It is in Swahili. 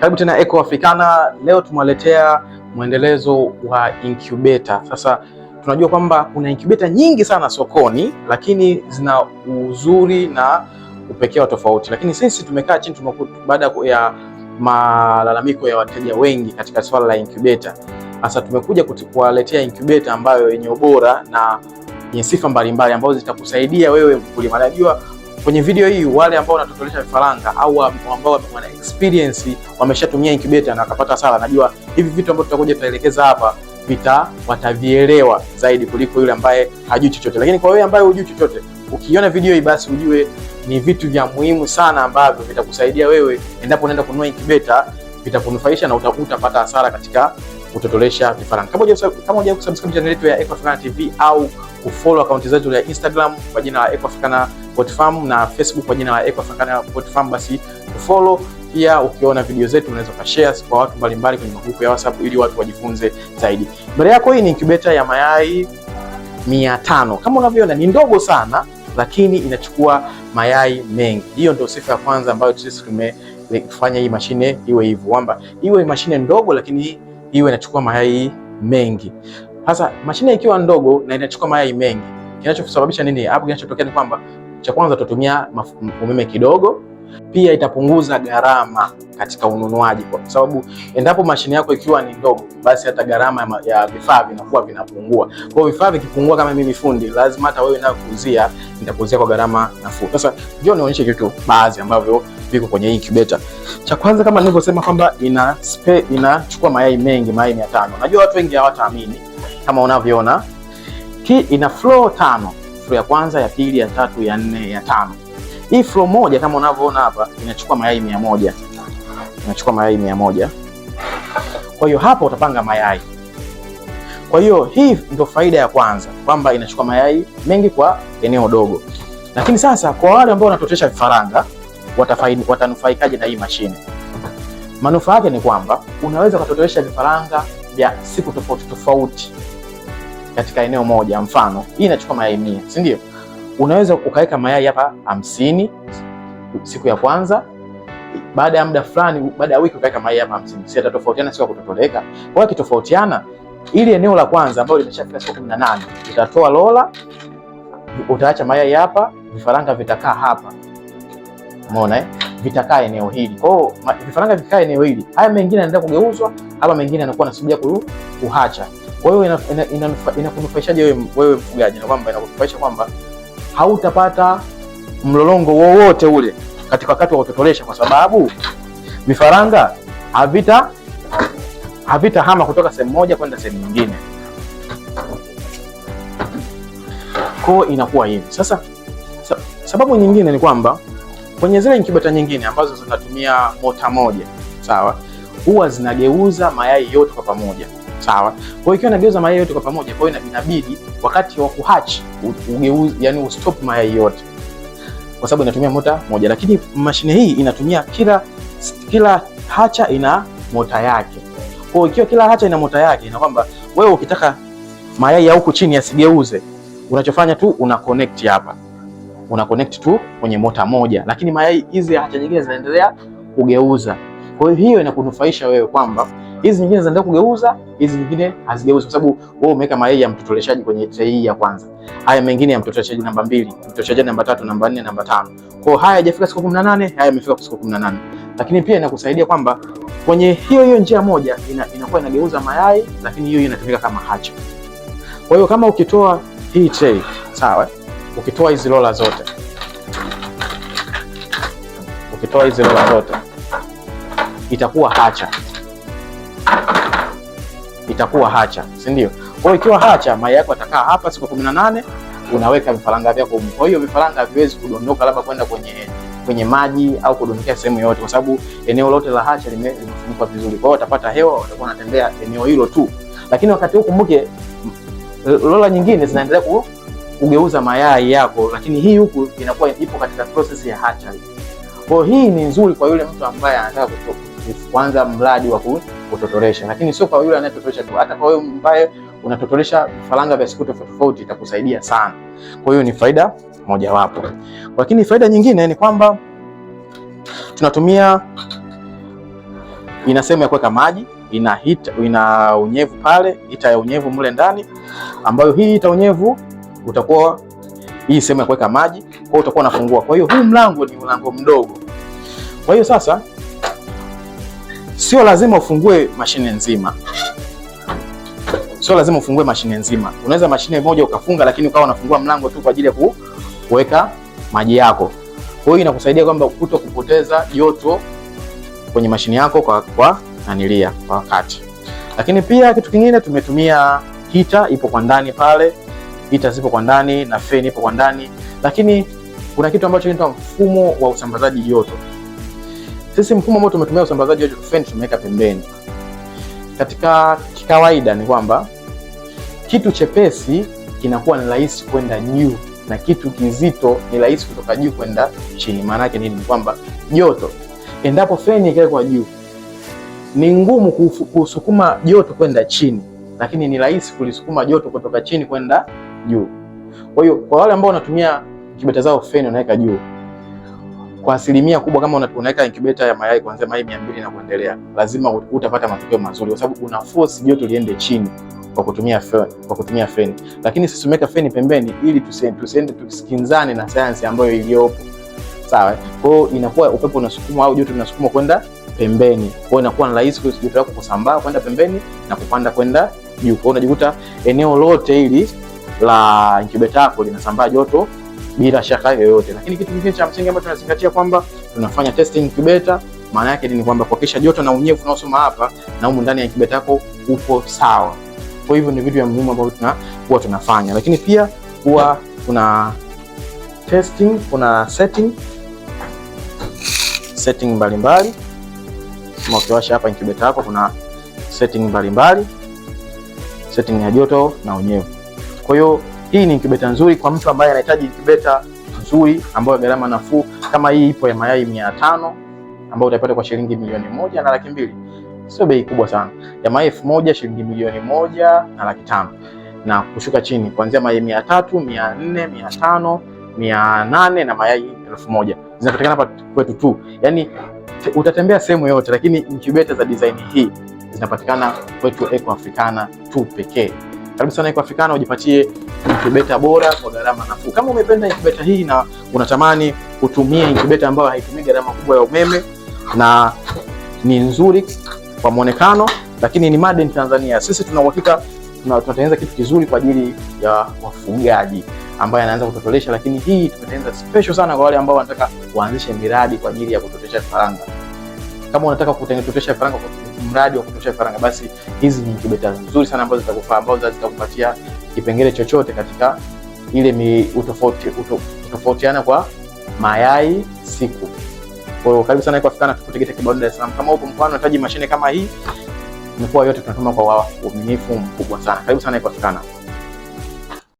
Karibu tena Eco Africana. Leo tumewaletea mwendelezo wa incubator. Sasa tunajua kwamba kuna incubator nyingi sana sokoni, lakini zina uzuri na upekee wa tofauti, lakini sisi tumekaa chini baada ya malalamiko ya wateja wengi katika swala la incubator. Sasa tumekuja kuwaletea incubator ambayo yenye ubora na yenye sifa mbalimbali ambazo zitakusaidia wewe mkulima. Najua Kwenye video hii wale ambao wanatotolesha vifaranga au ambao wana experience wameshatumia incubator na wakapata hasara, najua hivi vitu ambavyo tutakuja tutaelekeza hapa vita watavielewa zaidi kuliko yule ambaye hajui chochote. Lakini kwa wewe ambaye hujui chochote, ukiona video hii basi ujue ni vitu vya muhimu sana ambavyo vitakusaidia wewe endapo unaenda kununua incubator, vitakunufaisha na utapata hasara katika kutotolesha vifaranga. Kama hujasubscribe channel yetu ya Eco Africana TV au kufollow account zetu ya Instagram kwa jina la Eco Africana Botfarm na Facebook kwa jina la Ecoafrican Botfarm, basi follow pia. Ukiona video zetu unaweza ukashare kwa watu mbalimbali kwenye magrupu ya WhatsApp ili watu wajifunze zaidi. Mbele yako hii ni incubator ya mayai 500. kama unavyoona ni ndogo sana, lakini inachukua mayai mengi. Hiyo ndio sifa ya kwanza ambayo sisi tumefanya hii mashine iwe hivyo, kwamba iwe mashine ndogo lakini iwe inachukua mayai mengi. Sasa mashine ikiwa ndogo na inachukua mayai mengi, kinachosababisha nini hapo? Kinachotokea ni kwamba cha kwanza tutatumia umeme kidogo, pia itapunguza gharama katika ununuaji, kwa sababu endapo mashine yako ikiwa ni ndogo, basi hata gharama ya vifaa vinakuwa vinapungua. Kwa hiyo vifaa vikipungua, kama mimi fundi, lazima hata wewe nayokuuzia nitakuuzia kwa gharama nafuu. Sasa njoo nionyeshe kitu baadhi ambavyo viko kwenye incubator. Cha kwanza kama nilivyosema kwamba ina spare, inachukua mayai mengi, mayai 500. Najua watu wengi hawataamini kama unavyoona, hii ina flow tano flow ya kwanza, ya pili, ya tatu, ya nne, ya tano. Hii flow moja kama unavyoona hapa inachukua mayai mia moja inachukua mayai mia moja Kwa hiyo hapa utapanga mayai. Kwa hiyo hii ndio faida ya kwanza kwamba inachukua mayai mengi kwa eneo dogo. Lakini sasa kwa wale ambao wanatotesha vifaranga watanufaikaje na hii mashine? Manufaa yake ni kwamba unaweza ukatotesha vifaranga vya siku tofauti tofauti katika eneo moja. Mfano hii inachukua mayai mia, si ndio? Unaweza ukaweka mayai hapa hamsini siku ya kwanza, baada ya muda fulani, baada ya wiki ukaweka mayai hapa hamsini, si atatofautiana siku ya kutotoleka? Kwa hiyo kitofautiana, ili eneo la kwanza ambalo limeshafika siku 18 utatoa lola, utaacha mayai hapa, vifaranga vitakaa hapa, umeona eh? vitakaa eneo hili. Kwa hiyo vifaranga vikaa eneo hili, haya mengine yanaenda kugeuzwa hapa, mengine yanakuwa nasubiria kuhacha wewe inakunufaishaje ina, ina, ina wewe mfugaji, na kwamba inakunufaisha kwamba hautapata mlolongo wowote ule katika wakati wa kutotolesha, kwa sababu vifaranga havita hama kutoka sehemu moja kwenda sehemu nyingine. Kwa inakuwa hivi sasa. Sababu nyingine ni kwamba kwenye zile inkubeta nyingine ambazo zinatumia mota moja, sawa, huwa zinageuza mayai yote kwa pamoja sawa. Kwa hiyo ikiwa inageuza mayai yote kwa pamoja, kwa hiyo inabidi wakati wa kuhatch ugeuze, yani ustop mayai yote, kwa sababu inatumia mota moja, lakini mashine hii inatumia kila kila hacha ina mota yake. Kwa hiyo ikiwa kila hacha ina mota yake, ina kwamba wewe ukitaka mayai ya huku chini yasigeuze, unachofanya tu una connect hapa, una connect tu kwenye mota moja, lakini mayai hizi hacha nyingine zinaendelea kugeuza. Kwa hiyo hiyo inakunufaisha wewe kwamba hizi nyingine zinaenda kugeuza, hizi nyingine hazigeuzi, kwa sababu wewe umeweka mayai ya mtotoleshaji kwenye tray hii ya kwanza, haya mengine ya mtotoleshaji namba mbili, mtotoleshaji namba tatu, namba nne, namba tano. Kwa hiyo haya hajafika siku 18, haya yamefika siku 18, lakini pia inakusaidia kwamba kwenye hiyo hiyo njia moja ina, inakuwa inageuza mayai, lakini hiyo inatumika kama hatch. Kwa hiyo kama ukitoa hii tray sawa, ukitoa hizi lola zote, ukitoa hizi lola zote itakuwa hacha, itakuwa hacha, si ndio? Kwa hiyo ikiwa hacha, mayai yako atakaa hapa siku 18, unaweka vifaranga vyako huko. Kwa hiyo vifaranga haviwezi kudondoka labda kwenda kwenye kwenye maji au kudondokea sehemu yoyote, kwa sababu eneo lote la hacha limefunikwa vizuri. Kwa hiyo watapata hewa, watakuwa wanatembea eneo hilo tu, lakini wakati huu kumbuke, lola nyingine zinaendelea ku kugeuza mayai yako, lakini hii huku inakuwa ipo katika process ya hatchery. Kwa hiyo hii ni nzuri kwa yule mtu ambaye anataka kutoka kuanza mradi wa kutotoresha, lakini sio kwa yule anayetotoresha tu, hata kwa wewe mbaye unatotoresha vifaranga vya siku tofauti tofauti itakusaidia sana. Kwa hiyo ni faida mojawapo, lakini faida nyingine ni kwamba tunatumia ina sehemu ya kuweka maji ina hita, ina unyevu pale, hita ya unyevu mle ndani, ambayo hii hita unyevu utakuwa hii sehemu ya kuweka maji, kwa hiyo utakuwa unafungua. Kwa hiyo huu mlango ni mlango mdogo, kwa hiyo sasa Sio lazima ufungue mashine nzima, sio lazima ufungue mashine nzima. Unaweza mashine moja ukafunga, lakini ukawa unafungua mlango tu kwa ajili ya kuweka maji yako. Kwa hiyo inakusaidia kwamba kuto kupoteza joto kwenye mashine yako kwa, kwa nanilia kwa wakati. Lakini pia kitu kingine tumetumia hita, ipo kwa ndani pale, hita zipo kwa ndani na feni ipo kwa ndani, lakini kuna kitu ambacho kinaitwa mfumo wa usambazaji joto. Sisi mfumo ambao tumetumia usambazaji wa feni tumeweka pembeni. Katika kikawaida ni kwamba kitu chepesi kinakuwa ni rahisi kwenda juu na kitu kizito ni rahisi kutoka juu kwenda chini. Maana yake nini? Ni kwamba joto, endapo feni kwa juu, ni ngumu kusukuma joto kwenda chini, lakini ni rahisi kulisukuma joto kutoka chini kwenda juu. Kwa hiyo kwa wale ambao wanatumia kibeta zao feni wanaweka juu kwa asilimia kubwa, kama unaweka incubator ya mayai kuanzia mayai mbili na kuendelea, lazima utapata matokeo mazuri, kwa sababu una force joto liende chini kwa kutumia feni, kwa kutumia feni. Lakini sisi tumeweka feni pembeni ili tusiende tusikinzane na sayansi ambayo iliyopo, sawa. Kwa hiyo inakuwa upepo unasukuma au joto linasukuma kwenda pembeni, kwa hiyo inakuwa rahisi kwa joto lako kusambaa kwenda pembeni na kupanda kwenda juu, kwa unajikuta eneo lote hili la incubator yako linasambaa joto bila shaka yoyote. Lakini kitu kingine cha msingi ambacho tunazingatia kwamba tunafanya testing incubator, maana yake ni kwamba kuhakikisha joto na unyevu unaosoma hapa na humu ndani ya incubator yako upo sawa. Kwa hivyo ni vitu vya muhimu ambavyo tunakuwa tunafanya, lakini pia huwa kuna testing, kuna setting setting mbalimbali kama ukiwasha hapa incubator yako kuna setting mbalimbali, setting ya joto na unyevu, kwa hiyo hii ni incubator nzuri kwa mtu ambaye anahitaji incubator nzuri ambayo gharama nafuu. Kama hii ipo ya mayai 500 ambayo utapata kwa shilingi milioni moja na laki mbili. Sio bei kubwa sana. Ya mayai 1000 shilingi milioni moja na laki tano na kushuka chini kuanzia mayai 300, 400, 500, 800 na mayai elfu moja zinapatikana hapa kwetu tu. Yani utatembea sehemu yote, lakini incubator za design hii zinapatikana kwetu Eco Africana tu pekee. Karibu sana Ecoafricana ujipatie incubator bora kwa gharama nafuu. Kama umependa incubator hii na unatamani kutumia incubator ambayo haitumii gharama kubwa ya umeme na ni nzuri kwa muonekano, lakini ni made in Tanzania, sisi tuna uhakika tunatengeneza kitu kizuri kwa ajili ya wafugaji ambaye anaanza kutotolesha, lakini hii tumetengeneza special sana kwa wale ambao wanataka kuanzisha miradi kwa ajili ya kutotolesha vifaranga. Kama unataka kutotolesha vifaranga kwa mradi wa kutosha vifaranga, basi hizi ni incubator nzuri sana ambazo zitakufaa, ambazo zitakupatia kipengele chochote katika ile utofauti utofautiana kwa mayai siku. Kwa hiyo karibu sana Africana, tukutegeta kibao Dar es Salaam. Kama huko mfano unahitaji mashine kama hii, mikoa yote tunatuma kwa uaminifu mkubwa sana. Karibu sana Africana.